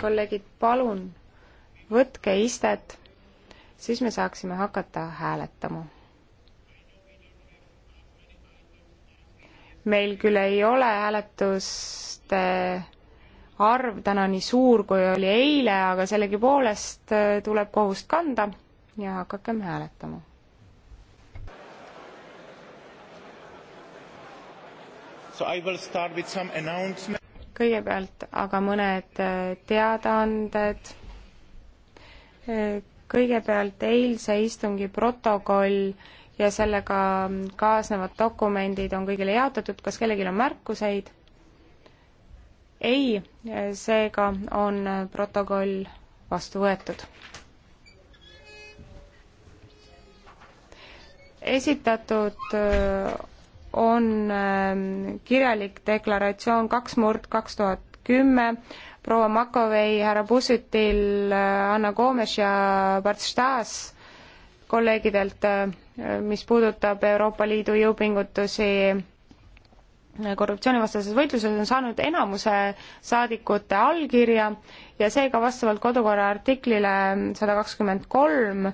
kolleegid, palun võtke istet, siis me saaksime hakata hääletama. meil küll ei ole hääletuste arv täna nii suur, kui oli eile, aga sellegipoolest äh, tuleb kohust kanda ja hakakem hääletama so i will start with some announcements kõigepealt aga mõned äh, teadaanded. Äh, kõigepealt eilse istungi protokoll ja sellega kaasnevad dokumendid on kõigile jaotatud, kas kellelgi on märkuseid? ei, äh, seega on protokoll vastu võetud. esitatud on ähm, kirjalik deklaratsioon kaks murd kaks tuhat kümme proua Makovei, härra Pusutil, äh, Anna Koomes ja Bart Stas kolleegidelt, äh, mis puudutab Euroopa Liidu jõupingutusi äh, korruptsioonivastases võitluses, on saanud enamuse saadikute allkirja ja seega vastavalt kodukorra artiklile sada kakskümmend kolm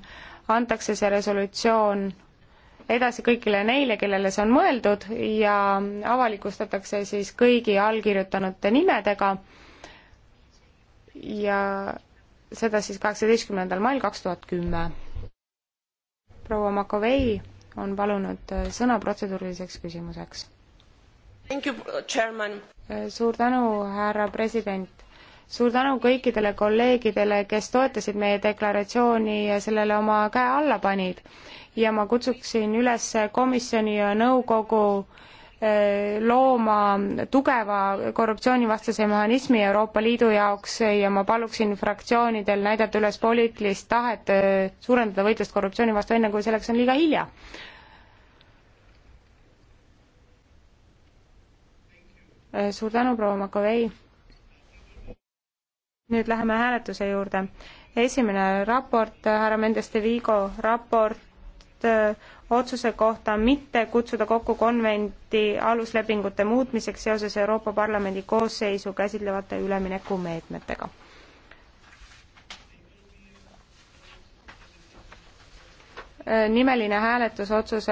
antakse see resolutsioon edasi kõigile neile, kellele see on mõeldud ja avalikustatakse siis kõigi allkirjutanute nimedega ja seda siis kaheksateistkümnendal mail kaks tuhat kümme. proua Makovei on palunud sõna protseduuriliseks küsimuseks. suur tänu, härra president suur tänu kõikidele kolleegidele, kes toetasid meie deklaratsiooni ja sellele oma käe alla panid. ja ma kutsuksin üles komisjoni ja nõukogu äh, looma tugeva korruptsioonivastase mehhanismi Euroopa Liidu jaoks ja ma paluksin fraktsioonidel näidata üles poliitilist tahet äh, suurendada võitlust korruptsiooni vastu, enne kui selleks on liiga hilja. Äh, suur tänu, proua Makovei! nüüd läheme hääletuse juurde. esimene raport, äh, härra Mendes de Vigo raport öö, äh, otsuse kohta mitte kutsuda kokku konventi aluslepingute muutmiseks seoses Euroopa Parlamendi koosseisu käsitlevate üleminekumeetmetega. Äh, nimeline hääletus otsuse